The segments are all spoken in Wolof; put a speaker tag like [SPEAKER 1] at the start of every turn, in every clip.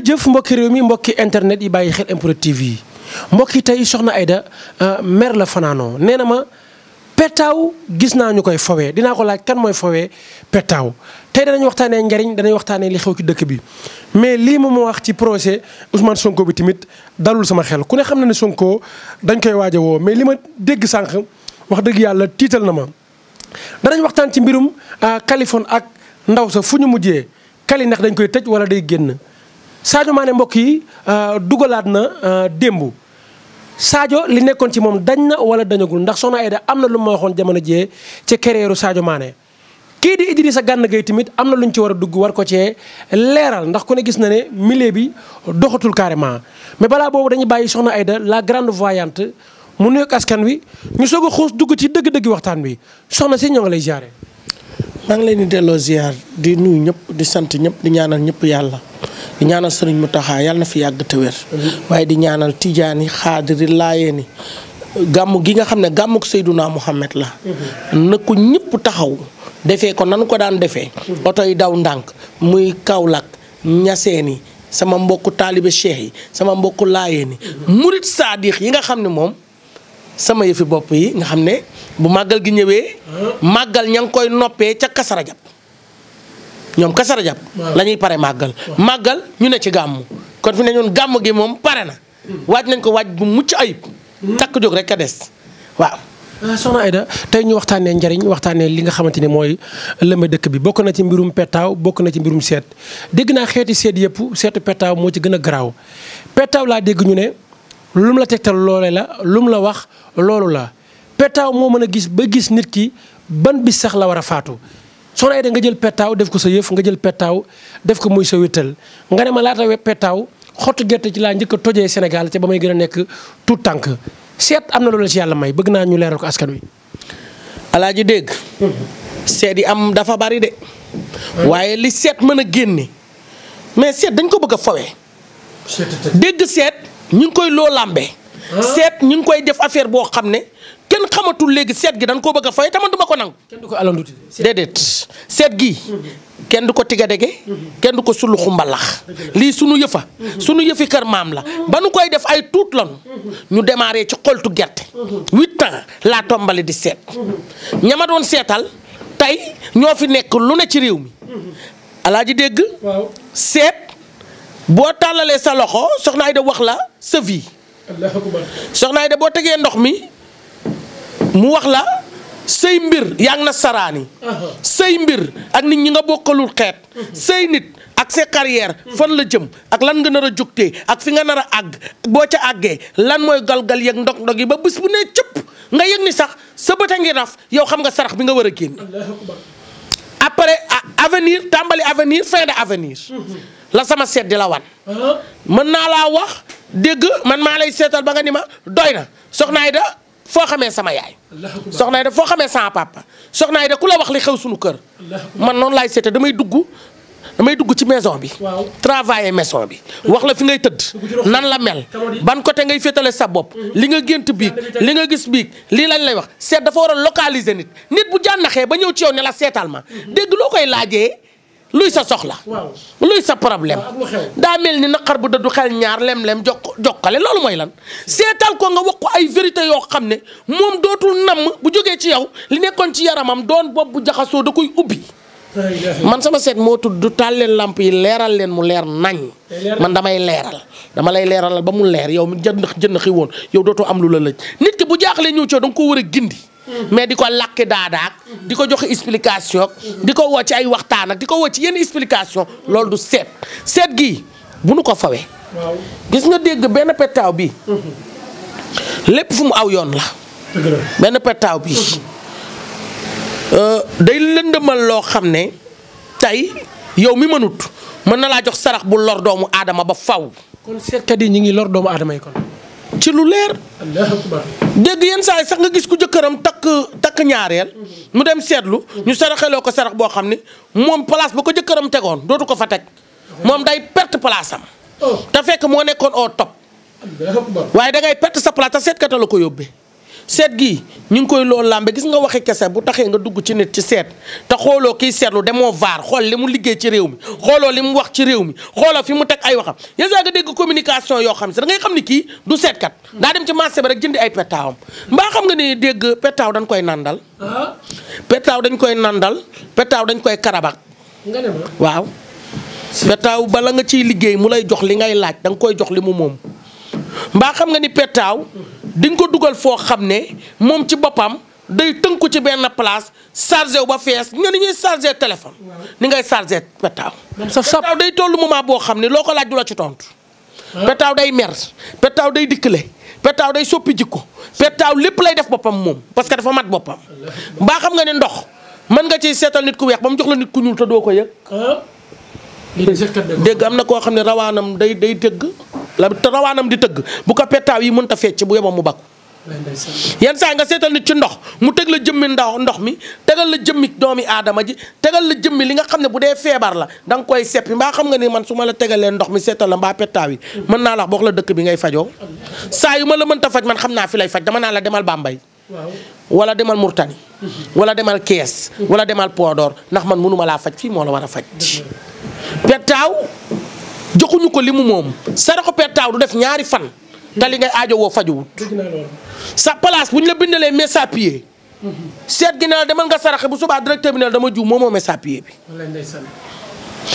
[SPEAKER 1] jëf mbokki réew mi mbokki internet yi bàyyi xel MPROD TV yi mbokki tey soxna ayda euh, mer la fanaanoo nee na ma petaaw gis naa ñu koy fowee dinaa ko laaj kan mooy fowee petaaw tey danañ waxtaanee njariñ danañ waxtaanee li xew ci dëkk bi mais lii moom moo wax ci projet Ousmane Sonko bi tamit dalul sama xel ku ne xam na ne Sonko dañ koy waaj woo mais li ma dégg sànq wax dëgg yàlla tiital na ma danañ waxtaan ci mbirum euh, Kaliphone ak ndaw sa fu ñu mujjee Kali dañ koy tëj wala day génn Sadio maane mbokk yi euh, dugalaat na euh, démb Sadio li nekkoon ci moom dañ na wala dañagul ndax soxna Aida am na lu ma waxoon jamono jee ca carrière Sadio maane kii di Idrissa Gana Gueye tamit am na lu ñu ci war a dugg war ko cee leeral ndax ku ne gis na ne milieu bi doxatul carrément mais balaa boobu dañuy bàyyi soxna Aida la grande voyante mu nuyoog askan wi ñu soog a xuus dugg ci dëgg-dëggi waxtaan wi soxna si ñoo ngi lay ziare. maa ngi leen di delloo ziar di nuyu ñëpp di sant ñëpp di ñaanal ñëpp yàlla. di ñaanal sëriñ Mountakha yàlla na fi yàgg te waaye di ñaanal tijaani xaadiri laayeen gàmm gi nga xam ne gàmmuk Seydouna Mouhamed la na ko ñëpp taxaw defee ko nanu ko daan defee oto yi daw ndànk muy Kaolack ñaseeni sama mbokku taalibe cheikh yi sama mbokku laayeeni murit saadix yi nga xam ne moom sama yëfi bopp yi nga xam ne bu màggal gi ñëwee màggal ña ngi koy noppee ca kasara jàpp ñoom kasara jàpp la ñuy pare màggal màggal ñu ne ci gàmm kon fi ne ñoon gàmm gi moom pare na hmm. waaj nañ ko waaj bu mucc ayib hmm. takk jóg rek a des waaw ah, soxna Aida tey ñu waxtaanee njariñ waxtaanee li nga xamante ni mooy lama dëkk bi bokk na ci mbirum pettaaw bokk na ci mbirum seet dégg naa xeeti seet yëpp seetu pettaaw moo ci gën a garaaw pettaaw laa dégg ñu ne lu mu la tegtal loole la lu mu la wax loolu la pettaaw moo mën a gis ba gis nit ki ban bi sax la war a faatu soo raay da nga jël pettaaw def ko sa yëf nga jël pettaaw def ko muy sa wéttal nga ne ma laata pettaaw xottu gerte ci laa njëkk a tojee Sénégal ca ba may gën a nekk tout tànk seet am na loolu ci yàlla may bëgg naa ñu leeral ko askan wi. alaaji dégg. seet yi am dafa bari de. waaye li seet mën a génne. mais seet dañ ko bëgg a fawee. dégg seet ñu ngi koy loo làmbee. Ah. seet ñu ngi koy def affaire boo xam ne xamatul léegi seet gi dañ koo bëgg a fay taman duma ko nangu. kenn du ko alanduti déedéet seet gi. kenn du ko tigadege kenn du ko sulu xumbalax lii sunu yëfa sunu yëfi kër maam la ba nu koy def ay tuut lan ñu démarré ci xoltu gerte huit ans laa tombale di seet ñama doon seetal tey ñoo fi nekk lu ne ci réew mi alaaji dégg seet boo tàllalee sa loxo soxna Ayda wax la sa vie soxna Ayda boo tegee ndox mi mu wax la say mbir yaa na saraani say mbir ak nit ñi nga bokkalul xeet say nit ak sa carrière fan la jëm ak lan nga nar a jógtee ak fi nga nar a àgg boo ca àggee lan mooy galgal yeeg ndog-ndog yi ba bés bu ne cëpp nga yëg ni sax sa bët a ngi raf yow xam nga sarax bi nga war a génn après avenir tàmbali avenir fin de avenir la sama seddi di la wan uh-huh. mën naa laa wax dégg man maa lay seetal ba nga ni ma doy na soxna Aida foo xamee sama yaay soxna de foo xamee sama papa soxna Aida ku la wax li xew suñu kër man noonu laay seete damay dugg damay dugg ci maison bi travailler maison bi wax la fi ngay tëdd nan la mel ban côté ngay féetale sa bopp mhm. li nga gént biig li nga gis biig lii lañ lay wax seet dafa war a localiser nit nit bu jànnaxee ba ñëw ci yow ne la seetal ma mhm. dégg loo koy laajee luy sa soxla. luy sa problème. daa mel ni naqar bu du xel ñaar lem-lem jokk jokkale loolu mooy lan. seetal ko nga wax ko ay vérité yoo xam ne moom dootul namm bu jógee ci yow li nekkoon ci yaramam doon bopp bu jaxasoo da koy ubbi. man sama seet moo tudd du taal leen làmp yi leeral leen mu leer nañ man damay leeral dama lay leeralal ba mu leer yow mi jënd jënd xi woon yow dootoo am lu la lëj nit ki bu jaaxlee ñëw coow da nga ko war a gindi. mais di ko làkki daadaak di ko joxe explication di ko woo ci ay waxtaan ak di ko woo ci yenn explication loolu du seet seet gi bu nu ko fawee gis nga dégg benn petaaw bi lépp fu mu aw yoon la benn pettaaw bi euh, day lëndëmal loo xam ne tey yow mi mënut mën na laa jox sarax bu lor doomu aadama ba faw kon seetkat yi ñu ngi lor doomu aadama yi kon ci lu leer. dégg yenn saa yi sax nga gis ku jëkkëram takk takk ñaareel. mu dem seetlu. ñu saraxeloo ko sarax boo xam ni moom place ba ko jëkkëram tegoon dootu ko fa teg. moom day perte place oh. te fekk moo nekkoon au topp waaye da ngay perte sa place te seetkata la ko yóbbee. seet gi ñu ngi koy loolu làmbe gis nga waxi kese bu taxee nga dugg ci nit ci seet te xooloo kiy seetlu demoo vaar xool li mu liggéey ci réew mi xooloo li mu wax ci réew mi xooloo fi mu teg ay waxam yéen saa dégg communication yoo xam si da ngay xam ni kii du seetkat daa dem ci marché ba rek jëndi ay pettaawam mbaa xam nga ni dégg pettaaw dañ koy nandal ah. pettaaw dañ koy nandal pettaaw dañ koy karabak waaw pettaaw bala nga ciy liggéey mu lay jox li ngay laaj danga koy jox li mu moom mbaa xam nga ni pettaaw di nga ko dugal foo xam ne moom ci boppam day ko ci benn place chargé wu ba fees nga ni ñuy chargé téléphone. ni ngay chargé petaaw. petaaw day tollu moment boo xam ne loo ko laaj du la ci tontu. petaaw day mer petaaw day dikkale petaaw day soppi jikko petaaw lépp lay def boppam moom parce que dafa mat boppam. baa xam nga ne ndox mën nga ciy seetal nit ku weex ba mu jox la nit ku ñuul te doo ko yëg. dégg am na koo xam ne rawaanam day day tëgg la te rawaanam di tëgg bu ko pettaaw yi mën ta fecc bu yeboo mu bakku yenn saa nga seetal nit ci ndox mu teg la jëmmi ndaw ndox mi tegal la jëmmi doomi aadama ji tegal la jëmmi li nga xam ne bu dee feebar la da koy seppi mbaa xam nga ni man su ma la tegalee ndox mi seetal la mbaa pettaaw yi mën naa la wax la dëkk bi ngay fajoo saa yu ma la mën ta faj man xam naa fi lay faj dama naa la demal Bambey wala demal Murtani mhm. wala demal Kees mhm. wala demal Podor ndax man mënuma laa faj fii moo la war a faj mhm. pettaaw joxuñu ko li mu moom saraxu pettaaw du def ñaari fan te li ngay aajo woo fajuwut sa place bu ñu la bindalee messapier seet gi la demal nga saraxe bu subaa directeur bi ne la dama juum moomoo messapier bi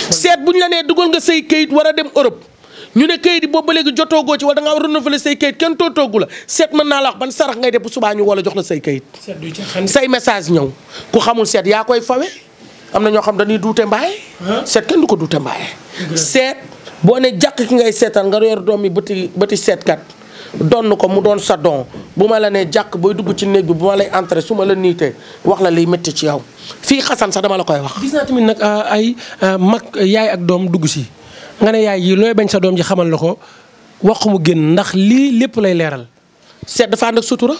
[SPEAKER 1] seet bu ñu la nee dugal nga say kayit war a dem Europe ñu ne kayit yi boobu ba léegi jotoogoo ci war da ngaa renouveler say kayit kenn toogu la seet mën naa la wax ban sarax ngay def bu subaa ñu wala jox la say kayit say message ñëw ku xamul seet yaa koy fawe am na ñoo xam dañuy duute mbaaye seet kenn du ko duute mbaaye seet boo ne jàkk ki ngay seetal nga doom yi bëti bëti seetkat donn ko mu doon sa don bu ma la nee jàkk booy dugg ci néeg bi bu ma lay entrer su ma la niitee wax la liy métti ci yow fii xasan sax dama la koy gis naa tamit nag ah, ay ah, mag yaay ak doom dugg si nga ne yaay yi looy bañ sa doom ji xamal la ko wax mu génn ndax lii lépp lay leeral. seet dafa ànd ak sutura.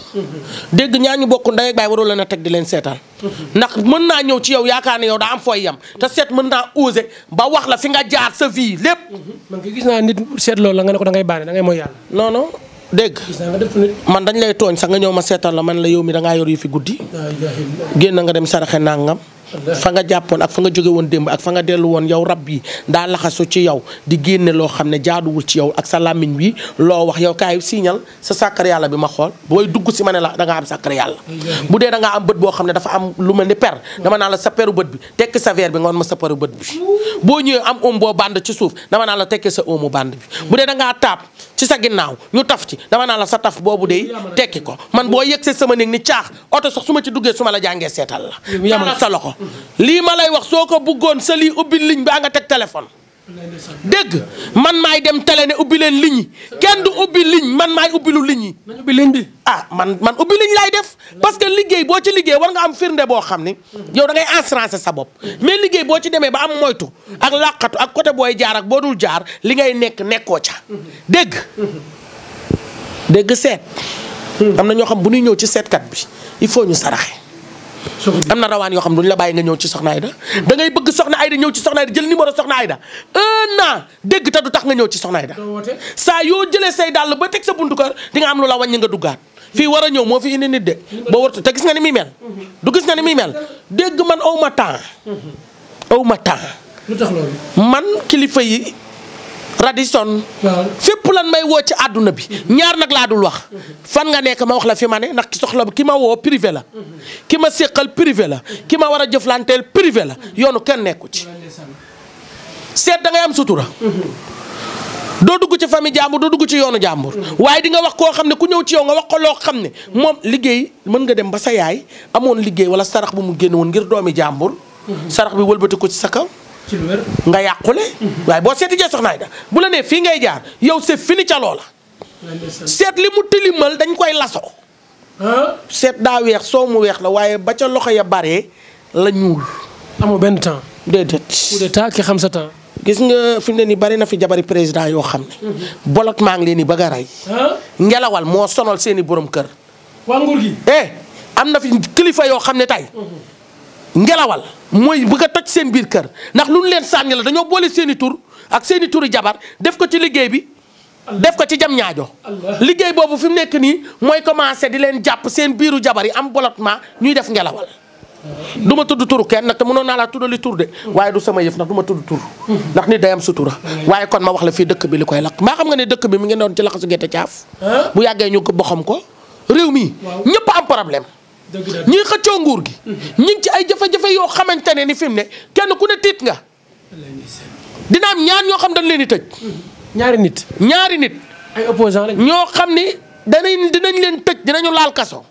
[SPEAKER 1] dégg ñaa ñu bokk ndey ak baay leen a teg di leen seetal ndax mën naa ñëw ci yow yaakaar ne yow daa am fooy yam te seet mën naa osé ba wax la fi nga jaar sa vie lépp. man gis naa nit seet loolu la nga ne ko da ngay baane da ngay mooy yàlla. non dégg man dañ lay tooñ sax nga ñëw ma seetal la man la yow mi da yor yi fi guddi. génn nga dem saraxe nangam. fa nga jàppoon ak fa nga jóge woon démb ak fa nga dellu woon yow rab yi daa laxasu ci yow di génne loo xam ne jaaduwul ci yow ak sa làmmiñ wi loo wax yow kaay signal sa sàkkar yàlla bi ma xool booy dugg si ma ne la da ngaa am sàkkar yàlla mm-hmm. bu dee da ngaa am bët boo xam ne dafa am lu mel ni per mm-hmm. dama naa la sa peru bët bi tekki sa verre bi nga woon sa peru bët bi boo ñëwee am om boo band ci suuf dama naa la tekki sa omu band bi mm-hmm. bu dee da taab ci sa ginnaaw ñu taf ci dama naa la sa taf boobu dey tekki ko man boo yegsee sama néeg ni caax oto sax su ma ci duggee su ma la jàngee seetal la sa loxo lii ma lay wax soo ko bëggoon sa lii ubbi ligne baa nga teg téléphone. dégg man maay dem télé ne ubbi leen ligne yi kenn du ubbi ligne man maay ubbi lu ligne yi. ah man man ubbi ligne laay def parce que liggéey boo ci liggéey war nga am firnde boo xam ni. yow da ngay assurancer sa bopp mais liggéey boo ci demee ba am moytu ak làqatu ak côté booy jaar ak boo dul jaar li ngay nekk nekkoo ca. dégg dégg seet. am na ñoo xam bu nuy ñëw ci seetkat bi il faut ñu saraxe. am na rawaan yoo xam ne duñu la bàyyi nga ñëw ci soxna Aida da ngay bëgg soxna Aida ñëw ci soxna Aida jël moo soxna Aida da an dégg te du tax nga ñëw ci soxna Aida saa yoo jëlee say dàll ba teg sa buntu kër nga am lu la wàññi nga duggaat fii war a ñëw moo fi indi nit de boo wartu te gis nga ni muy mel mhm. du gis nga ni muy mel dégg man aw ma temps mhm. aw ma temps lu tax loolu man kilifa yi Radisson fépp lan may woo ci àdduna bi ñaar nag laa dul wax fan nga nekk ma wax la fi ma ne ndax ki soxla ki ma woo privé la ki ma séqal privé la ki ma war a jëflanteel privé la yoonu kenn nekku ci seet da ngay am sutura doo dugg ci famille jàmbur doo dugg ci yoonu jàmbur waaye di nga wax koo xam ne ku ñëw ci yow nga wax ko loo xam ne moom liggéey mën nga dem ba sa yaay amoon liggéey wala sarax bu mu génn woon ngir doomi jàmbur sarax bi wëlbati ko ci sa kaw ci nga yàqule. waaye boo seeti jee soxna Ayda bu la nee fii ngay jaar yow c'est fini ca loola. seet li mu tilimal dañ koy laso. seet daa weex soo mu weex la waaye ba ca loxo ya bare la ñuul. benn temps. déedéet. coup d'état ki xam sa temps. gis nga fi mu ne nii bari na fi jabari président yoo xam ne. Mhm. bolok maa ngi leen di bëgg a rey. ngelawal moo sonal seen i borom kër. Eh, am na fi kilifa yoo xam ne tey. Mhm. ngelawal mooy bëgg a toj seen biir kër ndax lu ñu leen sànni la dañoo boole seeni tur ak seen i jabar def ko ci liggéey bi def ko ci jam ñaajo liggéey boobu fi mu nekk nii mooy commencé di leen jàpp seen biiru jabar yi am bolotement ñuy def ngelawal du ma tudd turu kenn nag te mënoon naa laa tuddali tur de waaye du sama yëf ndax du ma tudd tur ndax nit day am su tura waaye kon ma wax la fii dëkk bi li koy lakk mbaa xam nga ne dëkk bi mu ngi doon ci laxasu gerte caaf bu yàggee ñu ko boxam ko réew mi ñëpp am ñii xëccoo nguur gi. Mm-hmm. ñu ngi ci ay jafe-jafe yoo xamante ne ni fi ne kenn ku ne tiit nga. dina am ñaar ñoo xam dañ leen di tëj. Mm-hmm. ñaari nit. ñaari nit. ay ñoo xam ni danañ dinañ leen tëj dinañu laal kaso.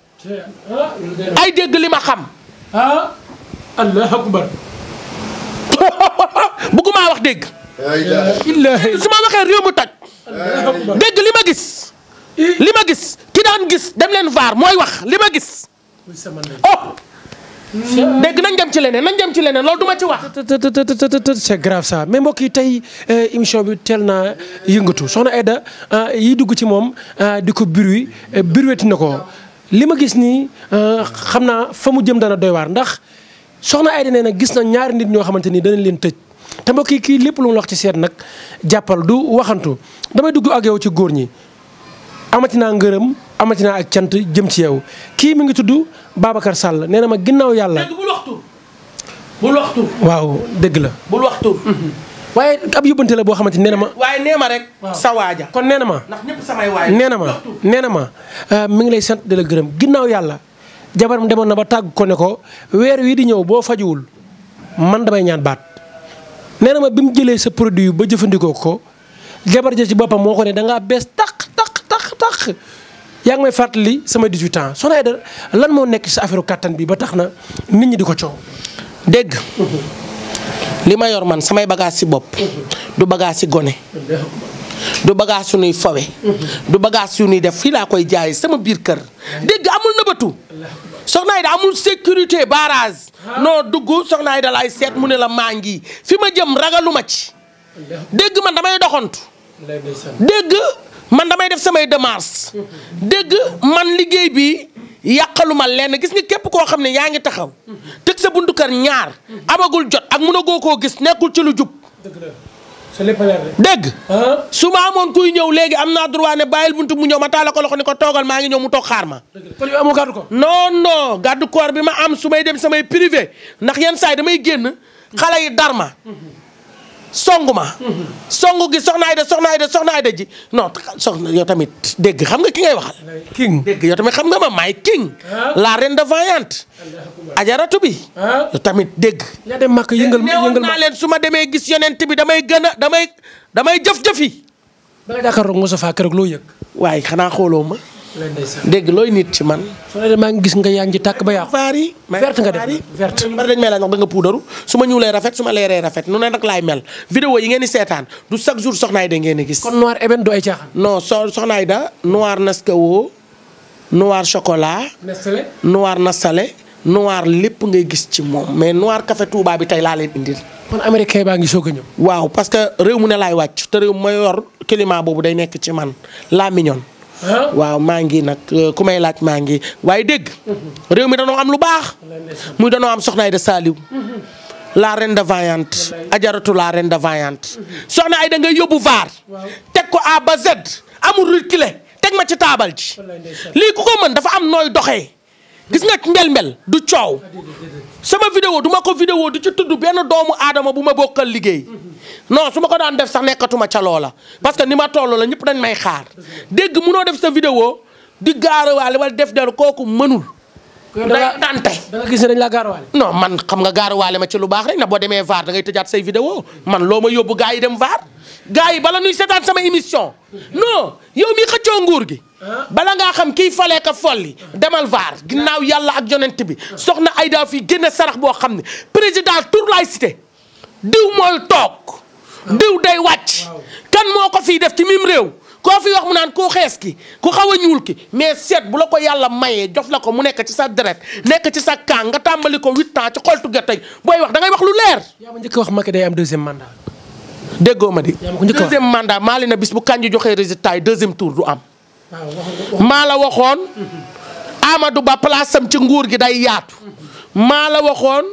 [SPEAKER 1] Ah, ay dégg li ma xam. ah. allah akbar. bëgguma wax dégg. su ma waxee réew mu toj. dégg li ma gis. li ma gis ki daan gis dem leen vaar mooy wax li ma gis. oh dégg nañ dem ci leneen nañ dem ci leneen loolu duma ci wax. c'est grave ça mais mbokk yi tey euh, émission bi teel naa yëngatu soxna ayda euh, yi dugg ci moom euh, di ko bruit bruitéti na ko li ma gis nii xam naa fa mu jëm dana doy waar ndax soxna Aida nee gis na ñaari nit ñoo xamante ni danañ leen tëj. te mbokk kii lépp lu mu wax ci seet nag jàppal du waxantu damay dugg ak yow ci góor ñi amati naa ngërëm. amatina ak cant jëm ci yow kii mi ngi tudd Babacar Sall nee na ma ginnaaw yàlla. dégg bul waaw dëgg la. bul waxtu. waaye ab yóbbante la boo xamante nee na ma. waaye nee ma rek. sa waaja kon nee na ma. ndax ñëpp samay nee na ma nee na ma euh, mi ngi lay sant di la gërëm ginnaaw yàlla. jabaram demoon na ba tàgg ko ne ko weer wii di ñëw boo fajuwul man damay ñaan baat nee na ma bi mu jëlee sa produit ba jëfandikoo ko jabar ja ci boppam moo ko ne da bees taq taq taq taq. yaa ngi may fàttali sama 18 ans Soxna Aïdara lan moo nekk sa affaire kàttan bi ba tax na nit ñi di ko coow. dégg li ma yor man samay bagaas si bopp du bagage si gone. du su suñuy fawe du bagage suñuy def fii laa koy jaay sama biir kër dégg amul nëbatu soxna Aïda amul sécurité barrage noo dugg soxna Aïda laay seet mu ne la maa ngi fi ma jëm ragalu ma ci dégg man damay doxantu dégg man damay def samay démarches dégg man liggéey bi yàqaluma lenn gis ni képp koo xam ne yaa ngi taxaw tëj sa buntu kër ñaar amagul jot ak mënagoo koo gis nekkul ci lu jub. dégg ah. su ma amoon kuy ñëw léegi am naa droit ne bàyyil buntu mu ñëw ma taala ko loxo ni ko toogal maa ngi ñëw mu toog xaar ma kon yow amoo gàddu ko non non bi ma am su may dem samay privé ndax yenn saa yi damay génn xale yi dar song ma. song gi soxna Ayda soxna Ayda soxna Ayda ji non soxna yow tamit dégg xam nga ki ngay waxal. king dégg yow tamit xam nga ma may king. Ah. la reine de vaillante. ajaratu bi. Ah. yow tamit dégg. ña dem màkk yëngal ma yëngal ma naa su ma demee gis yonent bi damay gën a damay damay jëf-jëf yi. ba nga jàkkaarloog Moussa Faye loo yëg. waaye xanaa xooloo ma. dégg looy nit ci man. maa ngi gis nga yaa ngi tàkk ba yàqu. vaar yi verte nga def verte. bari dañ may laaj ndax da nga puudaru su ma ñuulee rafet su ma leeree rafet nu ne nag laay mel. vidéo yi ngeen di seetaan du chaque jour Soxna ngeen di gis. kon noir ébène du ay caaxaan. non so Soxna Aida noir Nescafé noir chocolat. Nestlé noir Nestlé. noir lépp ngay gis ci moom mais noir café Touba bi tey laa leen indil. kon américain baa ngi soog a ñëw. waaw parce que réew mu ne laay wàcc te réew ma boobu day nekk ci man laa waaw maa ngi nag euh, ku may laaj maa ngi waaye dégg. réew mi danoo am lu baax. muy danoo am soxna Aida Saliou. la reine de vaillante ajaratu la reine de vaillante soxna Aida ngay yóbbu vaar. teg ko A ba Z amul reculer teg ma ci taabal ji. lii ku ko mën dafa am nooy doxee. gis nga mbel-mbel du coow sama vidéo du ma ko vidéo du ci tudd benn doomu aadama bu ma bokkal liggéey non su ma ko daan def sa nekkatuma ca la parce que ni ma toll la ñëpp dañ may xaar dégg munoo def sa vidéo di gaarawaale wala def del kooku mënul dante da nga gis ne dañ la gaaruwaale non man xam nga gaaruwaale ma ci lu baax rek na boo demee vaar da ngay tëjaat say vidéo man loo ma yóbbu gars yi dem vaar gars yi bala nuy setaan sama émission non yow mi xëccoo nguur gi bala ngaa xam kii falee ka folli demal vaar ginnaaw yàlla ak yonent bi soxna Aida fii génn sarax boo xam ne président tur laay cité diw mooy toog ah. diw day wàcc kan moo ko fii def ci mim réew koo fi wax mu naan koo xees ki ku xaw a ñuul ki mais seet bu la ko yàlla mayee jof la ko mu nekk ci sa deret nekk ci sa kaan nga tàmbali ko huit ans ci xoltu gerte booy wax dangay wax lu leer. yaa ma njëkk wax Macky day am deuxième mandat. déggoo ma di. deuxième mandat maa leen na bis bu Kandji joxee résultat yi deuxième tour maa la waxoon. Amadou Ba place am ci nguur gi day yaatu. maa la waxoon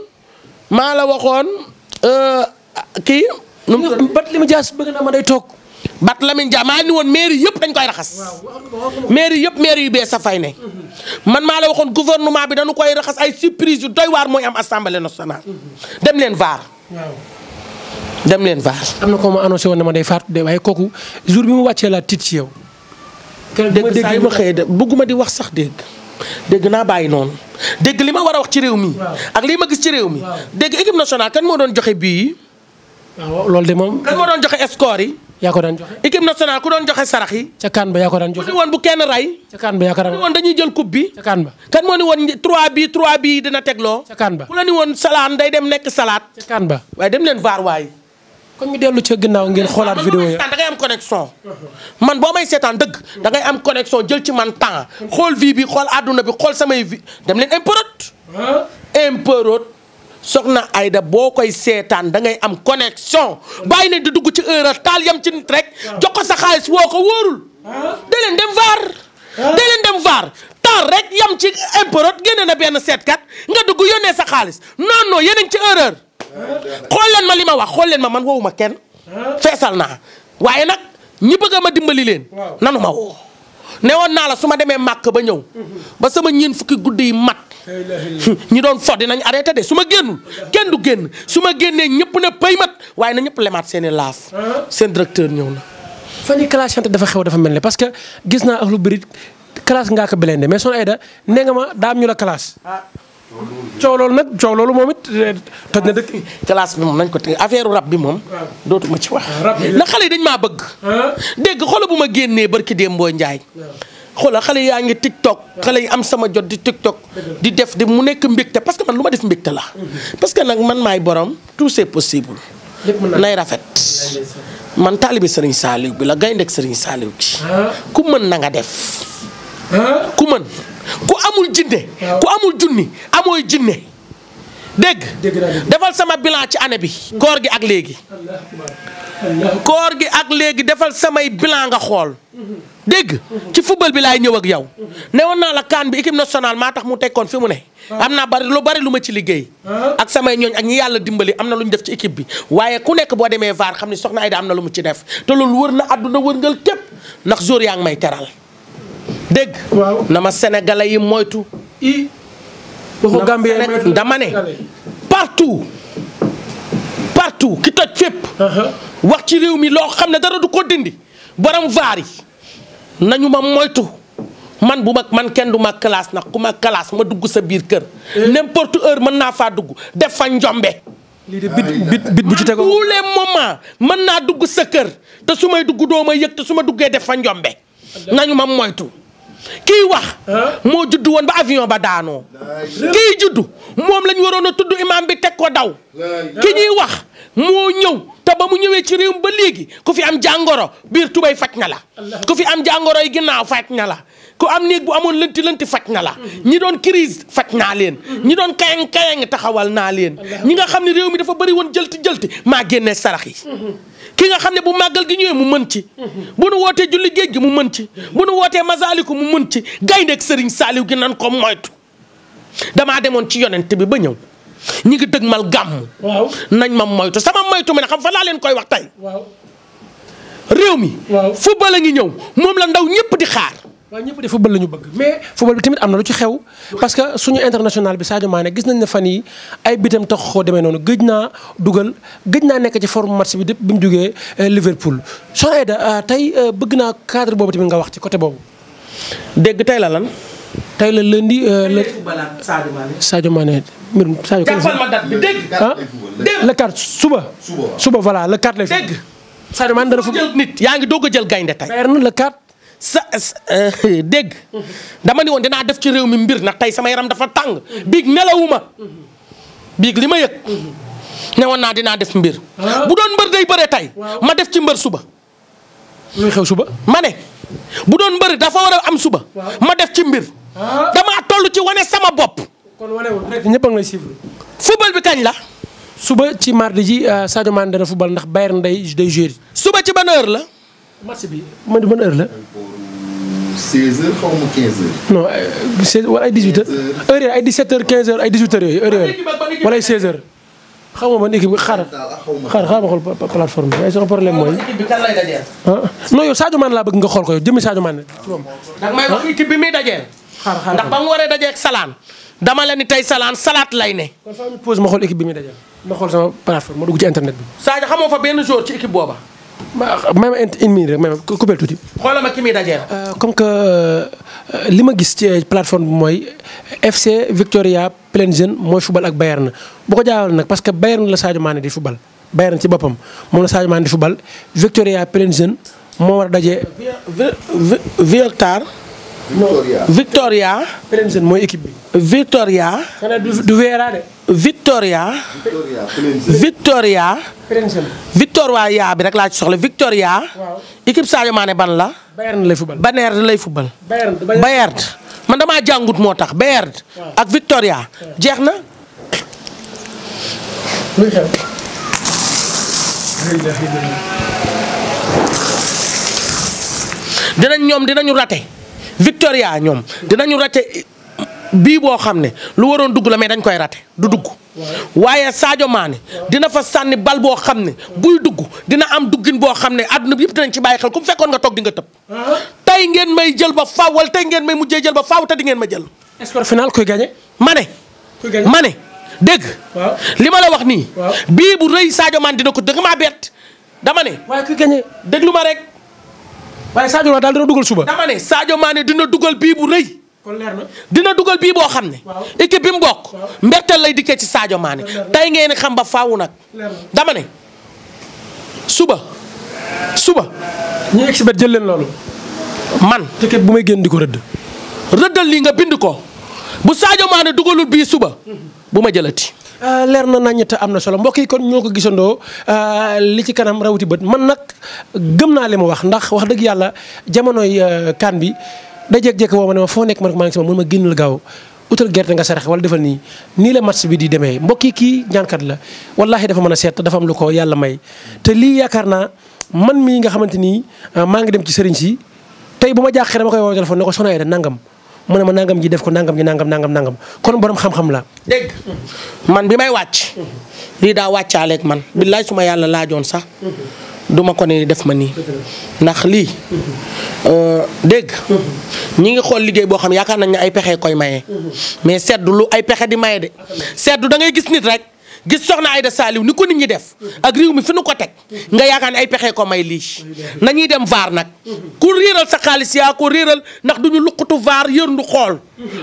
[SPEAKER 1] maa la waxoon euh, kii. nu mu li ma jaas bëgg na ma day toog. Bat Lamine Dia maa ni woon mairie yëpp dañ koy raxas mairie yëpp mairie yu bee sa fay man maa la waxoon gouvernement bi dañu koy raxas ay surprise yu doy waar mooy am assemblée nationale dem leen vaar. dem leen vaar. am na ko ma annoncé woon ne ma day faatu de waaye kooku jour bi mu wàccee laa tiit ci yow. dégg saa ma xëy de bëgguma di wax sax dégg. dégg naa bàyyi noonu dégg li ma war a wax ci réew mi. ak lii ma gis ci réew mi. dégg équipe nationale kan moo doon joxe bii loolu de moom. kan moo doon joxe score yi. yaa ko daan joxe équipe nationale ku doon joxe sarax yi ca kan ba yaa ko daan joxe ku ni woon bu kenn ray ca kan ba yaa ko daan woon dañuy jël coupe bi ca kan ba kan moo ni woon trois bi trois bi dina tegloo ca kan ba ku la ni woon salaan day dem nekk salaat ca kan ba waaye dem leen vaar waay kon ñu dellu ca ginnaaw ngeen xoolaat vidéo yi da ngay am connexion man boo may seetaan dëgg da ngay am connexion jël ci man temps xool vie bi xool àdduna bi xool samay vie dem leen imperot imperot na Aida boo koy seetaan da ngay am connexion bàyyi na di dugg ci heure taal yam ci rek jox sa xaalis woo ko wóorul. da leen dem vaar. da leen dem vaar taal rek yam ci impérot génne na benn seetkat nga dugg yónnee sa xaalis non non yéen ci erreur. xool leen ma li ma wax xool leen ma man wow ma kenn. feesal naa waaye nag ñi bëgg ma dimbali leen. nanu ma woo. ne woon naa la su ma demee màkk ba ñëw. ba sama ñeen fukki guddi yi mat. ñi doon fo nañ arrêté de su ma génnul kenn du génn su ma génnee ñëpp na pay mat waaye na ñëpp lemaat seen i laaf. Ah. seen directeur ñëw na. fan yii classe yante dafa xew dafa mel ne parce que gis naa lu bëri classe ngaa ko belende mais Soxna ay da nga ma daam ñu la classe. Ah. coow loolu nag coow loolu moom it eh, toj na dëkk classe bi moom nañ ko te affaire rab bi moom ah. dootuma ci wax na xale yi dañ maa bëgg dégg xoolal bu ma génnee barki Dembo Ndiaye xoola xale yaa ngi tiktok xale yi am sama jot di tiktok di def di mu nekk mbégte parce que man lu ma def mbégte la. parce que nag man maay borom tout c'est possible. nay rafet. man taalibi Serigne Saliou bi la gaynde Serigne Saliou bi ku mën na nga def. ku mën ku amul jinne ku amul junni amooy jinne dégg defal sama bilan ci année bi. koor gi ak léegi. koor gi ak léegi defal samay bilan nga xool. dégg ci football bi laay ñëw ak yow. newoon naa la kaan bi na nationale maa tax mu tekkoon fi mu ne. Ah. am naa bari lu bari lu ma ci liggéey. Ah. ak samay ñooñ ak ñi yàlla dimbali am na lu ñu def ci équipe bi waaye ku nekk boo demee VAR xam ni soxna Aida am na lu mu ci def te loolu wër na àdduna wërngal képp ndax jour yaa ngi may teral dégg. waaw na ma sénégalais yi moytu. i waxu Gambie dama ne partout. partout ki toj fépp. Uh-huh. wax ci réew mi loo xam ne dara du ko dindi borom vaar yi nañu ma moytu man bu ma man kenn du ma classe nag ku ma classe ma dugg sa biir kër. Eh. n'importe heure mën naa faa dugg def fa njombe. bit bu ci tegoo tous les moments mën naa dugg sa kër te su may dugg dooma ma yëg te su ma duggee def fa njombe nañu ma moytu. kii wax. moo judd woon ba avion ba daanoo. kii judd moom lañ waroon a tudd imaam bi teg ko daw. ki ñuy wax moo ñëw te ba mu ñëwee ci réew ba léegi ku fi am jàngoro biir tubay faj na la. ku fi am jàngoro yi ginnaaw faaj na la. ku am néeg bu amoon lënti lënti faj na la ñi doon crise faj naa leen ñi doon kayang kayang taxawal naa leen ñi nga xam ne réew mi dafa bari woon jëlti jëlti maa génnee sarax yi ki nga xam ne bu màggal gi ñëwee mu mën ci bu nu wootee julli géej gi mu mën ci bu nu wootee masaaliku mu mën ci gayndeeg sëriñ saaliw gi nan ko moytu damaa demoon ci yonent bi ba ñëw ñi ngi dëgmal gàmm nañ ma moytu sama moytu ma ne xam fa laa leen koy wax tey réew mi football a ngi ñëw moom la ndaw ñëpp di xaar waaw ñëpp de la ñu bëgg mais football bi na lu ci xew parce que suñu international bi Sadio Mané gis nañ ne fan yi ay bitam tax koo demee noonu gëj naa dugal gëj naa nekk ci forme match bi dëpp bi mu jógee euh, Liverpool Soxna Aida euh, tey euh, bëgg naa cadre boobu tamit nga wax ci côté boobu dégg tey la lan tey la lundi la Sadio Mané mbirum Sadio jàppal ma date bi dégg ah? suba suba voilà le 4 lay dégg Sadio Mané dana fu nit yaa ngi doog a jël gaynde tey le 4 sa euh, dégg dama ni woon dinaa def ci réew mi mbir ndax tey sama yaram dafa tàng biig nelawuma biig li ma yëg ne woon naa dinaa def mbir ah. bu doon mbër day bëree tey ma def ci mbër suba luy xew suba ma ne bu doon mbër dafa war a am suba ma def ci mbir ah. damaa toll ci wane sama bopp kon wanewul rek bi kañ la suba ci mardi ji euh, Sadio Mané dana football ndax Bayern day day jouer suba ci ban heure la match bi man la 16 heures xaw ma 15 heures. non ay euh, wala ay 18 heures. heure yooyu ay 17 heures 15 heures ay 18 heures yooyu heure yooyu wala ay 16 heures. xam nga man équipe xool plateforme ah, yow Sadio Mané laa bëgg nga xool ko yow jëmmi Sadio Mané. ndax may wax équipe bi ba mu waree dajee ak Salaan. dama la ni tey Salaan salaat lay ne. kon faaw ñu pause ma bi muy dajeel ma xool ci internet bi. Sadio xamoo fa benn jour ci équipe booba. may ma une minute rek may ma coupé tuuti. xoolal ma ki muy dajeel. Euh, comme que euh, li ma gis ci plateforme bi mooy FC Victoria Plaine-Jeune mooy fubal ak na bu ko jaawal nag parce que Bayern la Sadio Mané di fubal Bayern ci boppam moom la Sadio Mané di fubal Victoria Plaine-Jeune moo war a daje. Villar Victoria Victoria. Plensen mooy équipe bi. Victoria. xanaa du du Victoria. Victoria Victoria bi rek laa ci soxla Victoria. waaw équipe Sadio ban la. Bayern lay fubal Bayern lay fubal. jàngut moo tax Bayern. ak Victoria. jeex na. luy ñoom dinañu raté. Victoria ñoom dinañu rate bii boo xam ne lu waroon dugg la mais dañ koy rate du dugg waaye saajo maane dina fa sànni bal boo xam ne buy dugg dina am duggin boo xam ne àdduna bi yëpp dinañ ci bàyyi xel ku mu fekkoon nga toog di nga tëb. Uh-huh. tey ngeen may jël ba faaw wala tey ngeen may mujjee jël ba faaw te di ngeen ma jël. score final kuy gagné. ma ne. kuy ma ne dégg. li ma la wax nii. bii bu rëy saajo Mané dina ko dëgg maa bett dama ne. waaye kuy ma rek. waaye Sadio Mané daal dina dugal suba. dama ne Sadio Mané dina dugal bii bu rëy. kon leer na dina dugal bii boo xam ne. équipe bi mu bokk. mbertal lay dikkee ci saajo maane tey ngeen xam ba faawu nag. dama ne suba suba. ñu expert jël leen loolu. man ticket bu may génn di ko rëdd. rëddal lii nga bind ko bu saajo maane dugalul bii suba bu ma jëlati. Euh, leer na naññ te am na solo mbokk yi kon ñoo ko gisandoo euh, li ci kanam rawati bët man nag gëm naa li ma wax ndax wax dëgg yàlla jamonoy euh, kan bi da jékki-jékki woo ma ne ma foo nekk ma ne ko maa ma mën ma génnal gaaw utal gerte nga sarax wala defal nii nii la match bi di demee mbokk yi kii ñaankat la wallahi dafa mën a seet dafa am lu ko yàlla may te lii yaakaar naa man mii nga xamante ni maa ngi dem ci sëriñ si tey bu ma jaaxee dama koy woo téléphone ne ko sonaay nangam mu ne ma nangam ji def ko nangam ji nangam nangam nangam kon borom xam-xam la dégg man bi may wàcc lii daa wàccaaleeg man billaay su ma yàlla laajoon sax duma ko ne def ma nii ndax lii euh, dégg ñi ngi xool liggéey boo xam yaakaar nañ ne ay pexe koy maye mais seddu lu ay pexe di maye de seddu da ngay gis nit rek gis soxna Aida Saliou ni ko nit ñi def ak réew mi fi nu ko teg nga yaakaar ne ay pexe ko may lii nañuy dem vaar nag ku réeral sa xaalis yaa ko réeral ndax du ñu luqutu vaar yërndu xool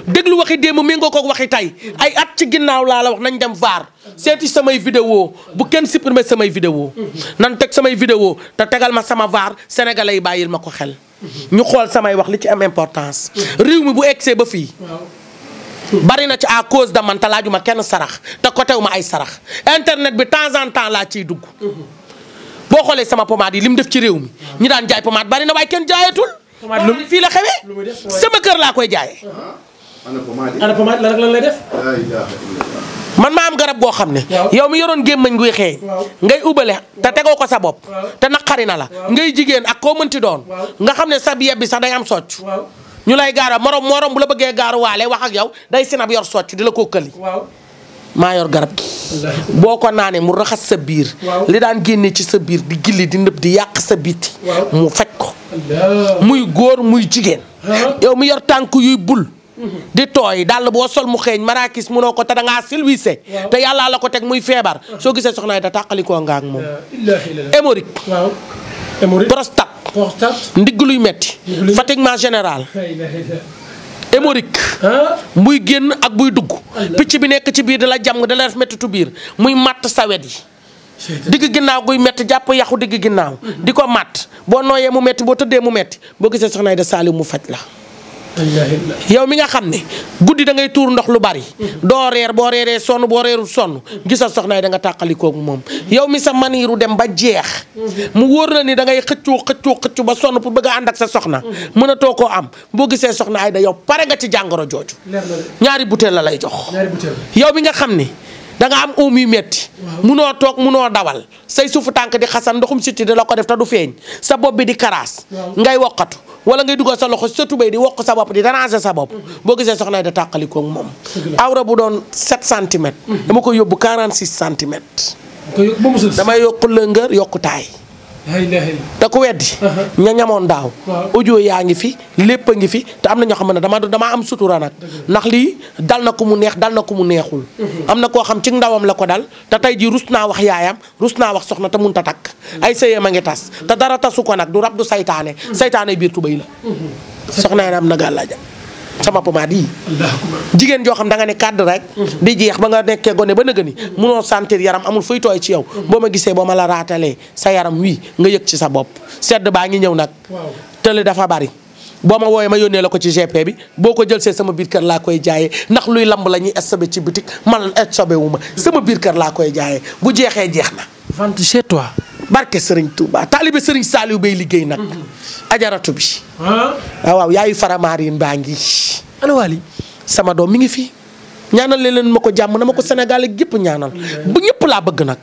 [SPEAKER 1] déglu waxi démb méngoo ko waxi tey ay at ci ginnaaw laa la wax nañ dem vaar seeti samay vidéo bu kenn ma samay vidéo nan teg samay vidéo te tegal ma sama vaar sénégalais yi bàyyil ma ko xel ñu xool samay wax li ci am importance réew mi bu eggsee ba fii bari na ci à cause de man te ma kenn sarax te kotew ma ay sarax internet bi temps en temps laa ciy dugg. boo xoolee sama pomade yi li mu def ci réew mi ñi daan jaay pomade bari na waaye kenn jaayatul. pomade fii la xewee sama kër laa koy jaayee. ana pomade lan man maa am garab goo xam ne. yow mi yoroon gémmañ guy xeeñ. ngay ubale te tegoo ko sa bopp. te naqari na la. ngay jigéen ak koo mënti doon. nga xam ne sa yeb bi sax day am socc. ñu lay gaara morom morom bu la bëggee gaaruwaale wax ak yow day sinab yor socc di la ko kali waaw maa yor garab gi boo ko naanee mu raxas sa biir li daan génne ci sa biir di gilli di nëb di yàq sa biti mu faj ko muy góor muy jigéen ah. yow mi yor tànk yuy bul mhm. di tooy dàll boo sol mu xeeñ maraakis noo ko te da ngaa silwiise te yàllaa la ko teg muy feebar ah. soo gisee soxnaay da tàqalikoo nga ak moom hémorroïde prostate ndigg luy metti fatiguement général hémorroïde muy génn ak buy dugg picc bi nekk ci biir dala jàmm dala def mettitu biir muy màtt sawet yi digg ginnaaw guy metti jàpp yàqu digg ginnaaw di ko màtt boo nooyee mu metti boo tëddee mu metti boo gisee soxna Aida Saliou mu faj la yow mi nga xam ne guddi da ngay tuur ndox lu bari. doo reer boo reeree sonn boo reerul sonn gisal soxnaay da nga tàqalikoogu moom yow mi sa maniiru dem ba jeex mu wóor na ni da ngay xëccoo xëccoo xëccu ba sonn pour bëgg a ànd ak sa soxna mën a too koo am boo gisee soxna ay da yow pare nga ci jàngoro jooju ñaari butéel la lay jox yow mi nga xam ni da nga am oom yu metti munoo toog munoo dawal say suufu tànk di xasan ndoxum siti di la ko def te du feeñ sa bopp bi di karaas ngay woqatu wala ngay dugal sa loxo sa tubéy di wokk sa bopp di déranger sa bopp mm-hmm. boo gisee soxna da tàqalikoog moom awra bu doon 7 mm-hmm. centimètres dama ko yóbbu 46 centimètres damay yokku lëngër nger yokkutaay te ku weddi ña ñamoon daaw audio yaa ngi fi lépp a ngi fi te am na ñoo xam ne dama damaa am sutura nag ndax lii dal na ko mu neex dal na ko mu neexul am na koo xam ci ndawam la ko dal te tey jii rus naa wax yaayam rus naa wax soxna te mun ta takk ay sëyam a ngi tas te dara tasu ko nag du rab du saytaane seytaane biir tubéy la soxna yaram na gàllaaja sama pomade yi jigéen joo xam da nga ne cadre rek di jeex ba nga nekkee gone ba nëgëni munoo sentir yaram amul fuy tooy ci yow boo ma gisee boo ma la raatalee sa yaram wii nga yëg ci sa bopp sedd baa ngi ñëw nag tële dafa bari boo ma wooyee ma yónnee la ko ci GP bi boo ko jël see sama biir kër laa koy jaaye ndax luy lamb la ñuy stocké ci boutique man stocké wu ma sama biir kër laa koy jaaye bu jeexee jeex na. vente chez barke Serigne Touba taalibe Serigne Saliou bay liggéey nag. Mhm. ajaratu bi. waaw ah, waaw yaayu baa ngi. ana sama doom mi ngi fii ñaanal leen ma ko jàmm na ma ko Sénégal yëpp ñaanal bu ñëpp laa bëgg nag.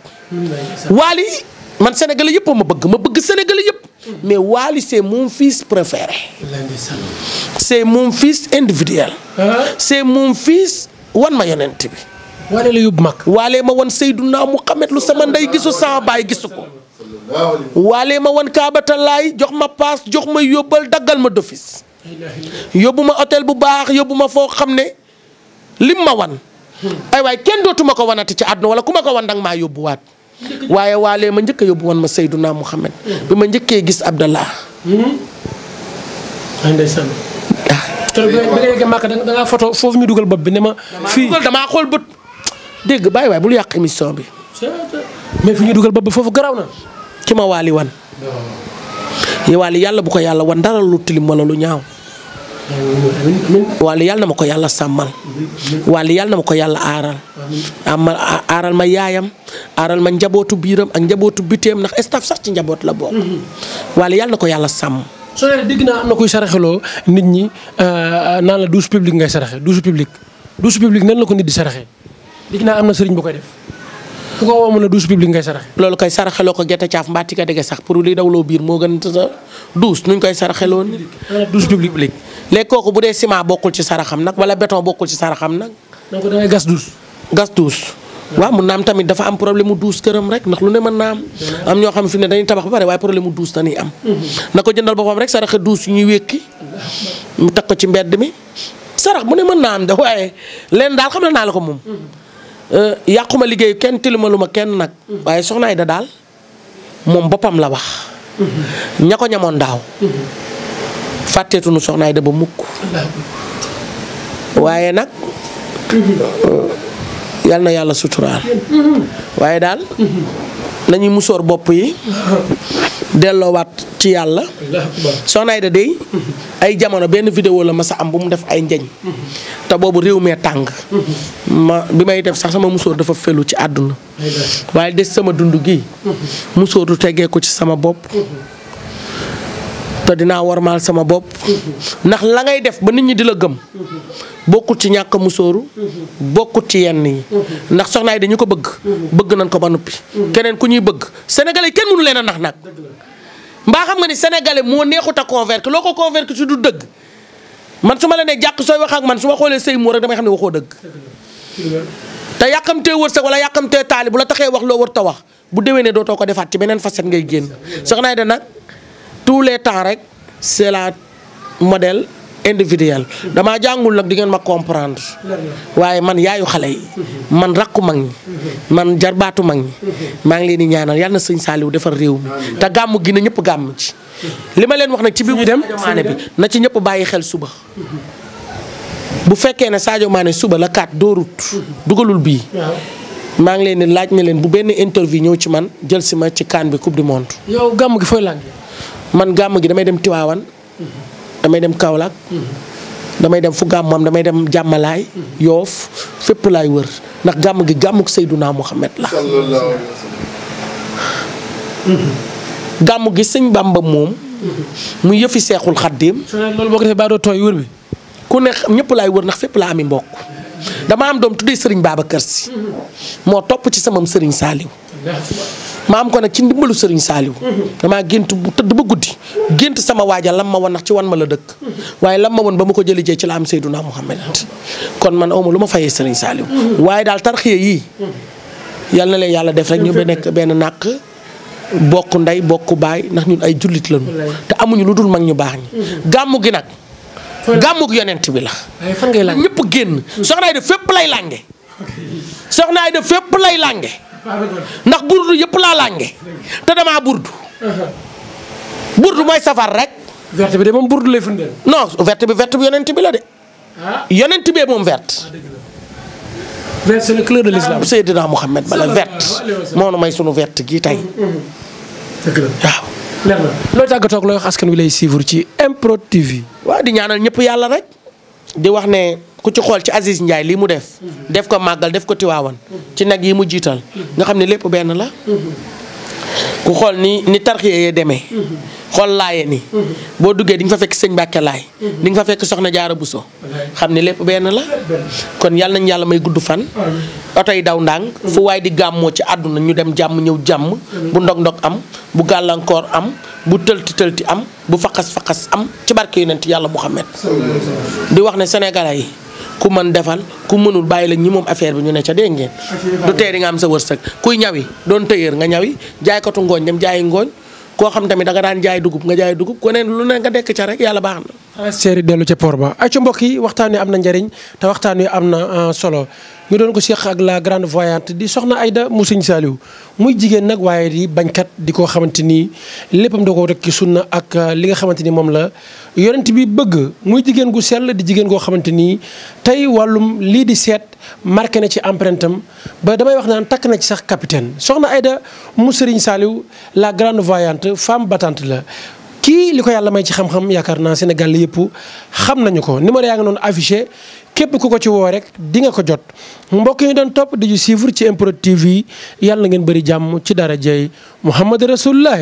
[SPEAKER 1] waali man Sénégal yëpp ma bëgg ma bëgg Sénégal yëpp. Mhm. mais waali c'est moom fils préféré. c'est mon fils individuel. c'est mon fils wan ma yenent bi. waale la yóbbu mag. waale ma wan Seydunaa Muhammad lu sama ndey gisu sama baay gisu ko. waalee ma wan kaabatallaay jox ma paas jox ma yóbbal daggal ma dofis yóbbu ma hôtel bu baax yóbbu ma foo xam ne lim ma wan ay waaye kenn dootuma ko wanati ci àdduna wala ku ma ko wan danga maa yóbbuwaat waaye waalee ma njëkk yóbbu wan ma Seyduna Muhammad bi ma njëkkee gis Abdallah da nga foto foofu ñu dugal bopp bi ne ma fii damaa xool bët dégg bàyyi waaye bul yàq émission bi mais fi ñuy dugal ba ba foofu garaaw na ci ma waali wan. waali yàlla bu ko yàlla wan dara lu tilim wala lu ñaaw. waali yàlla na ma ko yàlla sàmmal. waali yàlla na ma ko yàlla aaral. amal ma yaayam aaral ma njabootu biiram ak njabootu biteem ndax staff sax ci njaboot la bokk. waali yàlla na ko yàlla sàmm. soo leen dégg naa am na kuy saraxeloo nit ñi euh, naan la douche publique ngay saraxe douche publique douche la ko nit di saraxe dégg naa am na sëriñ bu koy def. ku ko woo mu loolu koy saraxeloo ko gerte caaf mbaa tika dege sax pour li dawloo biir moo gën sa douche nuñ koy saraxeloon. douche publique. léegi kooku bu dee ciment bokkul ci saraxam nag wala béton bokkul ci saraxam nag. donc da ngay gas douche. gas douche. waaw mun naam tamit dafa am problème mu douche këram rek ndax lu ne mën naa am. am ñoo xam fi ne dañuy tabax ba pare waaye problème duus douche am. Mhm. na ko jëndal boppam rek saraxe douche yu ñuy wékki. mu teg ko ci mbedd mi. sarax bu ne mën naa am de waaye leen daal xam naa la ko moom mhm. Euh, yàquma liggéeyu kenn tilimalu ma kenn nag. Mm-hmm. waaye soxna da daal moom boppam la wax. Mm-hmm. ña ko ñamoon daaw. Mm-hmm. fàtteetunu soxna Aida ba mukk waaye nag. Euh, yal na yàlla suturaal waaye daal nañu musóor bopp yi delloowaat ci yàlla soxna Aida dey ay jamono benn vidéo la ma sa am bu mu def ay njañ te boobu réew mee tàng ma bi may def sax sama musóor dafa felu ci àdduna waaye des sama dund gi musóor du tegee ko ci sama bopp te dinaa war mal sama bopp ndax la ngay def ba nit ñi di la gëm bokkut ci ñàkk musóoru bokkut ci yenn yi ndax soxna yi dañu ko bëgg bëgg nañ ko ba noppi keneen ku ñuy bëgg sénégalais kenn mënu leen a nax nag mbaa xam nga ni sénégalais moo neexut a convaincre loo ko convaincre su du dëgg man su ma la nee jàkk sooy wax ak man su xoolee sëy moo rek damay xam ne waxoo dëgg te yàkkamtee wërsëg wala yàkkamtee taali bu la taxee wax loo warut a wax bu déwénee dootoo ko defaat ci beneen facette ngay génn soxna yi tous les temps rek c'est la modèle individuel damaa jàngul nag di ngeen ma comprendre waaye man yaayu xale yi man rakku mag ñi man jarbaatu mag ñi maa ngi leen di ñaanal yal sëñ Saliou defar réew mi te gi na ñëpp gàmm ci li ma leen wax nag ci biir dem maane bi na ci ñëpp bàyyi xel suba bu fekkee ne Sadio Mané suba la kaat doorut dugalul bii maa ngi leen di laaj ne leen bu benn interview ñëw ci man jël si ci kaan bi coupe du monde gàmm gi fooy làng man gàmm gi damay dem Tiwaawan damay dem Kaolack damay dem fu gàmmam damay dem jàmmalaay yoof fépp laay wër ndax gàmm gi gàmmuk Seydunaa Muhammad la gi sëñ Bàmba moom mu yëfi seexul xaddim ku ne ñëpp laay wër ndax fépp laa ami mbokk dama am doom tuddee sëriñ Babacar Si moo topp ci samam sëriñ Saaliw ma am ko nag ci ndimbalu Serigne saaliw damaa gént bu tëdd ba guddi gént sama waaja lam ma woon ndax ci wan ma la dëkk waaye lam ma woon ba ma ko jëli jee ci la am Seydouna Mouhamed kon man awma lu ma fayee Serigne Saliou waaye daal tarxiya yii yal na leen yàlla def rek ñu nekk benn nàq bokk ndey bokk baay ndax ñun ay jullit lañu te amuñu lu dul mag ñu baax ñi gàmmu gi nag gàmmug yonent bi la ñëpp génn soxnaay de fépp lay lànge soxnaay de fépp lay lànge ndax burdu yëpp laa lànge te damaa burdu burdu mooy safar rek. verte bi de moom burdu lay fundeel. non verte bi verte bi yonent bi la de. Ah. yonent bee moom verte. Ah, verte c'est le couleur de l'islam. Seydina mm, mm, mm. looy wax askan wi lay suivre ci MPROD TV. waaw di ñaanal ñëpp yàlla rek di wax ne. ku ci xool ci Aziz Ndiaye lii mu def def ko màggal def ko tiwaawan ci nag yi mu jiital nga xam ne lépp benn la ku xool ni ni tarxiyee yee demee xool laaye ni boo duggee di nga fa fekk sëñ Mbàkke laay di nga fa fekk soxna jaara buso xam ne lépp benn la kon yàlla nañ yàlla may gudd fan oto daw ndànk fu waay di gàmmoo ci àdduna ñu dem jàmm ñëw jàmm bu ndog ndog am bu gàllankoor am bu tëlti tëlti am bu faqas faqas am ci barke yonent yàlla Muhammad di wax ne sénégalais yi ku mën defal ku mënul bàyyi la ñi moom affaire bi ñu ne ca dégg ngeen. du tee nga am sa wërsëg kuy ñawi doon tëyër nga ñawi jaaykatu ngooñ dem jaayi ngooñ koo xam tamit da nga daan jaay dugub nga jaay dugub ko ne lu ne nga dekk ca rek yàlla baax na. seeri dellu ca port ba ay ca mbokk yi waxtaan wi am na njariñ te waxtaan wi am na euh, solo ñu doon ko seq ak grande voyante di soxna Aida mu Saaliw muy jigéen nag waaye di bañkat di ko xamante ni léppam da ko rek ci sunna ak euh, li nga xamante ni moom la yonent bi bëgg muy jigéen gu sell di jigéen goo xamante ni tey wàllum lii di seet marqué na ci empreinte ba damay wax naan takk na ci sax capitaine soxna Aida mu Sëriñ Saaliw la grande voyante femme batant la kii li ko yàlla may ci xam-xam yaakaar naa Sénégal yëpp xam nañu ko numéro yaa ngi noonu affiché képp ku ko ci woo rek di nga ko jot mbokk yi doon topp di ñu suivre ci MPROD TV yàlla ngeen bëri jàmm ci dara jëy Muhammad Rasulullah